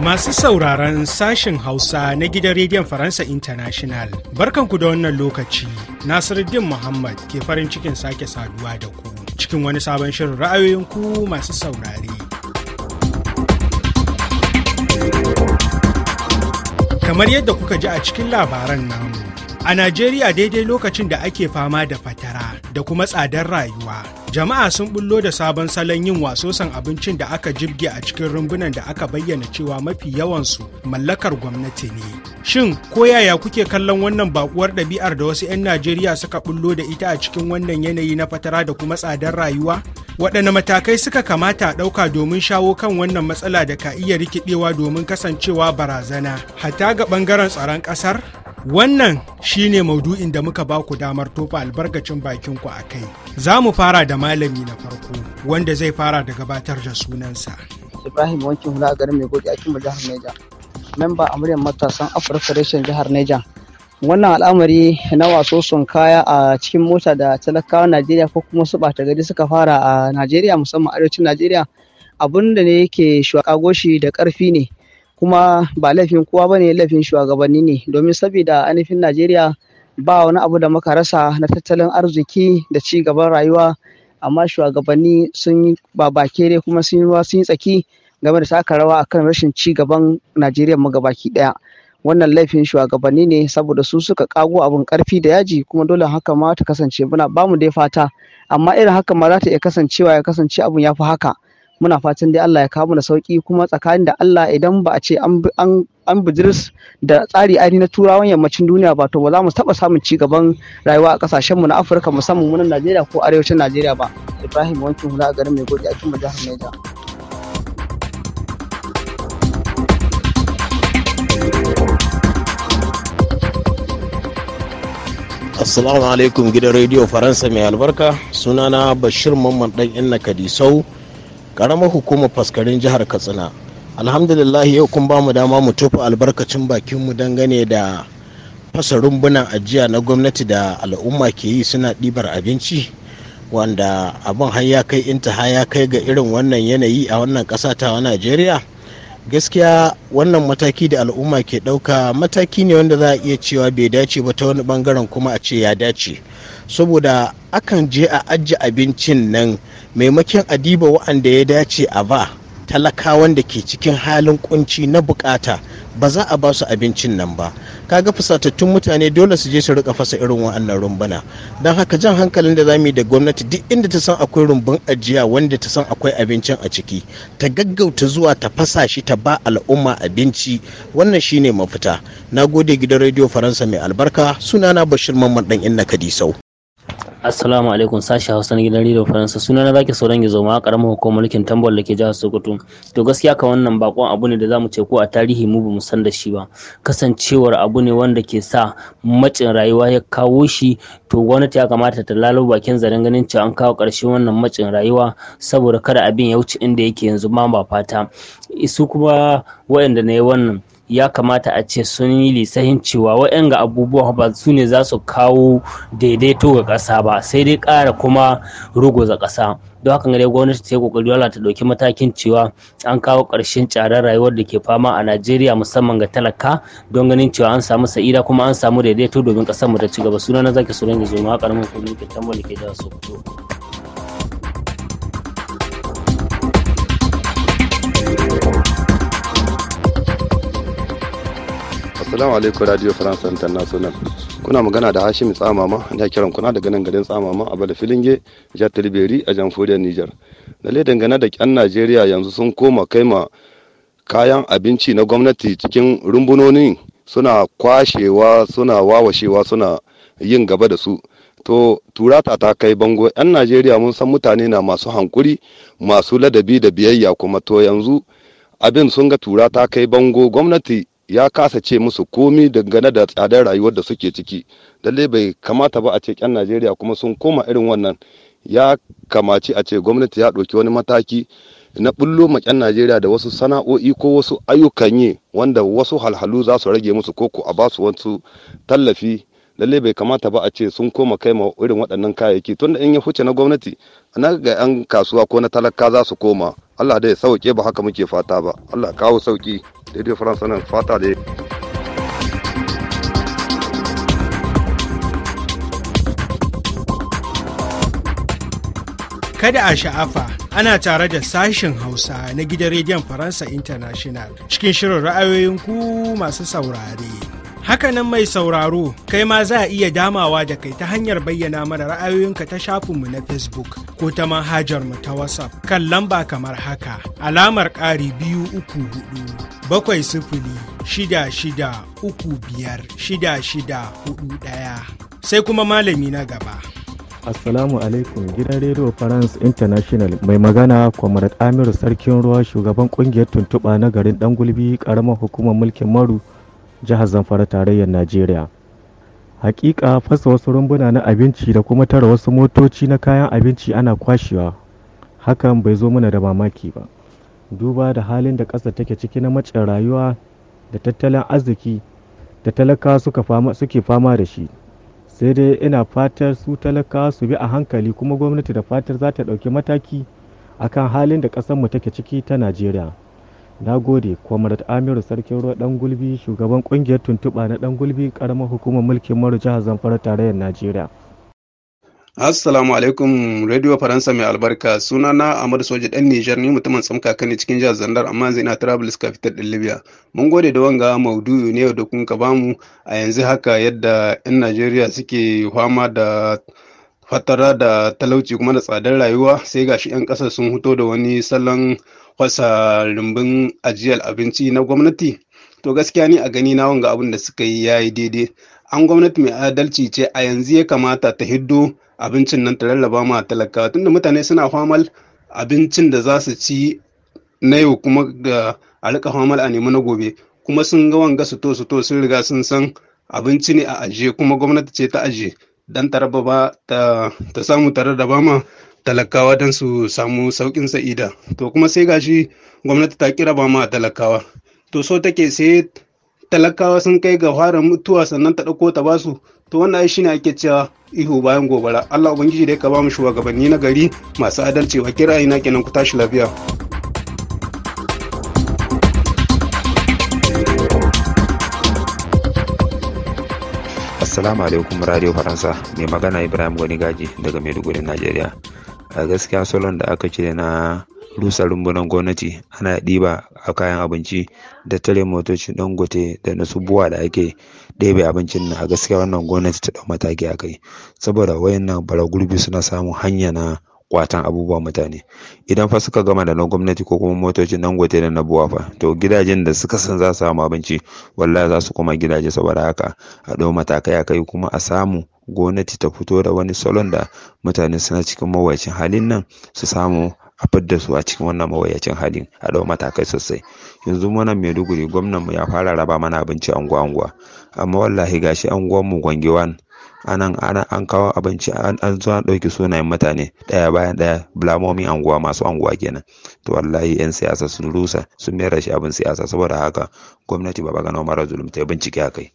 Masu sauraron sashen Hausa na gidan Rediyon Faransa International, barkanku da wannan lokaci, Nasiruddin Muhammad ke farin cikin sake saduwa da ku cikin wani sabon shirin ra'ayoyin ku masu saurare. kamar yadda kuka ji a cikin labaran namu a najeriya daidai lokacin da ake fama da fatara da kuma tsadar rayuwa jama'a sun bullo da sabon salon yin wasosan abincin da aka jibge a cikin rumbunan da aka bayyana cewa mafi yawansu mallakar gwamnati ne shin ko yaya kuke kallon wannan bakuwar ɗabi'ar da wasu 'yan najeriya suka bullo da ita a cikin wannan yanayi na fatara da kuma tsadar rayuwa waɗanne matakai suka kamata a ɗauka domin shawo kan wannan matsala da ka iya rikidewa domin kasancewa barazana hatta ga ɓangaren tsaron ƙasar Wannan shi ne maudu'in da muka ba ku damar tofa albarkacin bakinku a kai. Za mu fara da malami na farko wanda zai fara da gabatar da sunansa. Ibrahim wankin hula a garin mai gode a jihar Neja. Memba a muryar matasan Afirka reshen jihar Neja. Wannan al'amari na waso sun kaya a cikin mota da talakawa Najeriya ko kuma su bata gari suka fara a Najeriya musamman arewacin Najeriya abun da ne yake shuwa goshi da karfi ne. kuma ba laifin kowa bane laifin shugabanni ne domin saboda anifin najeriya ba wani abu da muka rasa na tattalin arziki da ci gaban rayuwa amma shugabanni sun yi babake ne kuma sun yi tsaki game da taka rawa akan rashin ci gaban najeriya mu gabaki daya wannan laifin shugabanni ne saboda su suka kago abun karfi da yaji kuma dole haka ma ta kasance muna bamu dai fata amma irin haka ma za ta iya kasancewa ya kasance abun ya fi haka muna fatan dai Allah ya kawo mana sauki kuma tsakanin da Allah idan ba a ce an an bijiris da tsari ainihin na turawan yammacin duniya ba to ba za mu taba samun ci gaban rayuwa a kasashen mu na Afirka musamman mu na Najeriya ko arewacin Najeriya ba Ibrahim wankin hula a garin mai gode a cikin jihar Niger Assalamu alaikum gidan Radio Faransa mai albarka sunana Bashir Mamman dan Inna Kadisau karamar hukumar faskarin jihar katsina alhamdulillah yau kun ba mu dama mu tofa albarkacin bakin mu dangane da fasa rumbunan ajiya na gwamnati da al'umma ke yi suna ɗibar abinci wanda abin har ya kai har ya kai ga irin wannan yanayi a wannan ƙasa ta najeriya gaskiya wannan mataki da al'umma ke ɗauka mataki ne wanda za a iya cewa bai dace ba ta wani bangaren kuma a ce ya dace saboda akan je a ajiye abincin nan maimakon adiba wa'anda ya dace a ba talaka wanda ke cikin halin kunci na bukata ba za a ba su abincin nan ba kaga fusatattun mutane dole su je su rika fasa irin wa'annan rumbuna don haka jan hankalin da zamu yi da gwamnati duk inda ta san akwai rumbun ajiya wanda ta san akwai abincin a ciki ta gaggauta zuwa ta fasa shi ta ba al'umma abinci wannan shine mafita na gode gidan rediyo faransa mai albarka sunana bashir mamman dan inna kadisau Assalamu alaikum sashi Hausa na gidan Radio Faransa suna na zaki sauran gizo ma karamar hukumar mulkin tambol da ke jihar Sokoto. To gaskiya ka wannan bakon abu ne da zamu ce ko a tarihi mu bamu san da shi ba. Kasancewar abu ne wanda ke sa macin rayuwa ya kawo shi to gwamnati ya kamata ta lalo bakin zaren ganin cewa an kawo ƙarshen wannan macin rayuwa saboda kada abin ya wuce inda yake yanzu ma ba fata. Su kuma waɗanda na yi wannan ya kamata a ce sun yi lissahin cewa waɗanga abubuwan ba su ne za su kawo daidaito ga ƙasa ba sai dai ƙara kuma ruguza ƙasa don haka dai gwamnati ta yi kokari wala ta ɗauki matakin cewa an kawo ƙarshen tsadar rayuwar da ke fama a najeriya musamman ga talaka don ganin cewa an samu sa'ida kuma an samu daidaito domin ƙasar mu ta ci gaba suna na zaki su rangi zo ma ƙaramin kudin ke tambali ke da su Assalamu alaikum Radio France International. Kuna magana da Hashim Tsamama, ina kiran kuna daga nan garin Tsamama a Bada Filinge, jihar Tilberi a Jamhuriyar Niger. Lalle dangane da kyan Najeriya yanzu sun koma kai ma kayan abinci na gwamnati cikin rumbunonin suna kwashewa, suna wawashewa, suna yin gaba da su. To turata ta kai bango 'yan Najeriya mun san mutane na masu hankuri, masu ladabi da biyayya kuma to yanzu abin sun ga tura ta kai bango gwamnati ya kasa ce musu komi dangane da tsadar rayuwar da suke ciki lalle bai kamata ba a ce yan najeriya kuma sun koma irin wannan ya kamaci a ce gwamnati ya ɗauki wani mataki na bullo ma yan najeriya da wasu sana'o'i ko wasu ayyukan yi wanda wasu halhalu za su rage musu koko a basu wasu tallafi lalle bai kamata ba a ce sun koma kai ma irin waɗannan kayayyaki tunda in ya huce na gwamnati na ga yan kasuwa ko na talaka za su koma allah da ya sauke ba haka muke fata ba allah kawo sauki fata Kada a sha'afa ana tare da sashen Hausa na gidan rediyon Faransa International cikin shirin ra'ayoyin ku masu saurare. Hakanan mai sauraro, kai ma za a iya damawa da kai ta hanyar bayyana mana ra'ayoyinka ta shafinmu na Facebook ko ta manhajarmu ta WhatsApp kan lamba kamar haka, alamar ƙari biyu uku hudu, bakwai sifili, shida shida uku biyar, shida shida hudu ɗaya. Sai kuma malami na gaba. Assalamu alaikum gidan Radio France International mai magana Comrade Amiru Sarkin Ruwa shugaban kungiyar tuntuɓa na garin Dangulbi karamar hukumar mulkin Maru jihar zamfara tarayyar najeriya hakika fasa wasu rumbuna na abinci da kuma tara wasu motoci na kayan abinci ana kwashewa hakan bai zo mana da mamaki ba duba da halin da ƙasa take ciki na macin rayuwa da tattalin arziki da talakawa suke fama da shi sai dai ina fatar su talaka su bi a hankali kuma gwamnati da fatar za ta ɗauki mataki akan halin da ƙasarmu take ciki ta najeriya na gode comrade amiru sarkin ruwa dan gulbi shugaban kungiyar tuntuɓa na dan gulbi karamar hukumar mulkin maru jihar zamfara tarayyar najeriya assalamu alaikum radio faransa mai albarka suna na amadu soja dan nijar ni mutumin tsamka ne cikin jihar zandar amma yanzu ina travelers capital din libya mun gode da wanga maudu ne da kun ka bamu a yanzu haka yadda yan najeriya suke fama da fatara da talauci kuma da tsadar rayuwa sai gashi 'yan ƙasar sun hito da wani salon wasa rumbin ajiyar abinci na gwamnati to gaskiya ne a gani na wanga abin da suka yi ya yi daidai an gwamnati mai adalci ce a yanzu ya kamata ta hiddo abincin nan ta lallaba ma talakawa tunda mutane suna famal abincin da za su ci na yau kuma ga a rika famal a nemi na gobe kuma sun ga wanga su to su to sun riga sun san abinci ne a ajiye kuma gwamnati ce ta ajiye dan taraba ba ta, ta samu tare da bama talakawa don su samu saukin sa'ida to kuma sai gashi gwamnati ta kira ba ma talakawa to so take sai talakawa sun kai ga fara mutuwa sannan ta ɗauko ta basu to wannan shi ne ake cewa ihu bayan gobara allah ubangiji dai ka ba mu shugabanni na gari masu adalci wa kira ina kenan ku tashi lafiya assalamu alaikum radio faransa mai magana ibrahim wani gaji daga maiduguri najeriya a gaskiya salon da aka ce na rusa rumbunan gwamnati ana ɗiba a kayan abinci da tare motocin dangote da na subuwa da ake ɗebe abincin na a gaskiya wannan gwamnati ta ɗau mataki a kai saboda wayannan bara gurbi suna samun hanya na kwatan abubuwa mutane idan fa suka gama da na gwamnati ko kuma motocin dangote da na buwa fa to gidajen da suka san za su samu abinci wallahi za su koma gidaje saboda haka a ɗau matakai a kai kuma a samu gwamnati ta fito da wani salon da mutane suna cikin mawuyacin halin nan su samu a fidda su a cikin wannan mawuyacin halin a ɗau matakai sosai yanzu mana maiduguri gwamnan mu ya fara raba mana abinci anguwa anguwa amma wallahi gashi anguwan mu gwangewan anan ana an kawo abinci an zo an ɗauki sunayen mutane ɗaya bayan ɗaya bulamomin anguwa masu anguwa kenan to wallahi yan siyasa sun rusa sun mayar shi abin siyasa saboda haka gwamnati ba bagana mara zulumta yi bincike a kai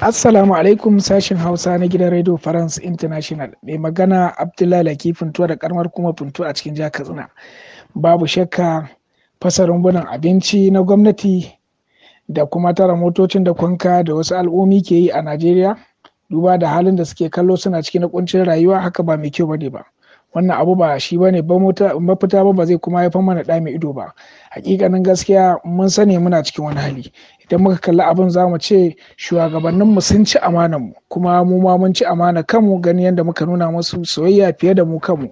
Assalamu alaikum sashen Hausa na gidan Radio France International. Mai magana Abdullahi Laki Funtuwa da karmar kuma Funtuwa a cikin jihar Katsina. Babu shakka fasa rumbunan abinci na gwamnati da kuma tara motocin da kwanka da wasu al'ummi ke yi a Najeriya duba da halin da suke kallo suna cikin na kuncin rayuwa haka ba mai kyau bane ba wannan abu ba shi bane ba mafita ba ba zai kuma haifar mana da mai ido ba hakikanin gaskiya mun sani muna cikin wani hali idan muka kalli abin za mu ce mu sun ci amanar mu kuma mu ma mun ci amana kanmu gani yadda muka nuna musu soyayya fiye da mu kanmu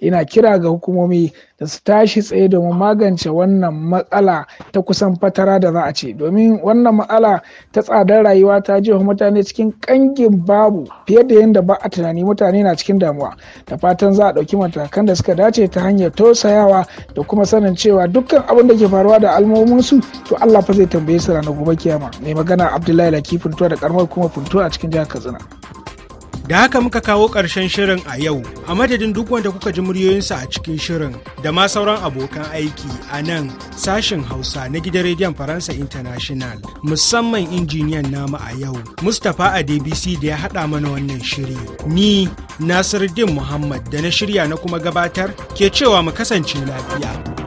ina kira ga hukumomi da su tashi tsaye domin magance wannan matsala ta kusan fatara da za a ce domin wannan matsala ta tsadar rayuwa ta jefa mutane cikin kangin babu fiye da yadda ba a tunani mutane na cikin damuwa da fatan za a ɗauki matakan da suka dace ta hanyar tausayawa da kuma sanin cewa dukkan abin da ke faruwa da su to Allah fa zai tambaye su ranar gobe kiyama mai magana abdullahi laki funtuwa da karmar kuma funtuwa a cikin jihar katsina da haka muka kawo ƙarshen shirin a yau a madadin duk wanda kuka ji muryoyinsa a cikin shirin da ma sauran abokan aiki a nan sashen hausa na gidan rediyon faransa international musamman injiniyan namu a yau mustapha a DBC da ya haɗa mana wannan shiri ni nasiruddin muhammad da na shirya na kuma gabatar ke cewa mu kasance lafiya.